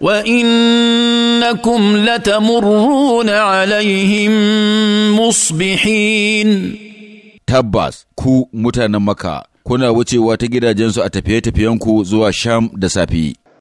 na وانكم لتمرون عليهم مصبحين tabbas ku mutanen maka kuna wucewa ta gidajensu a tafiye tafiyen ku zuwa sham da safi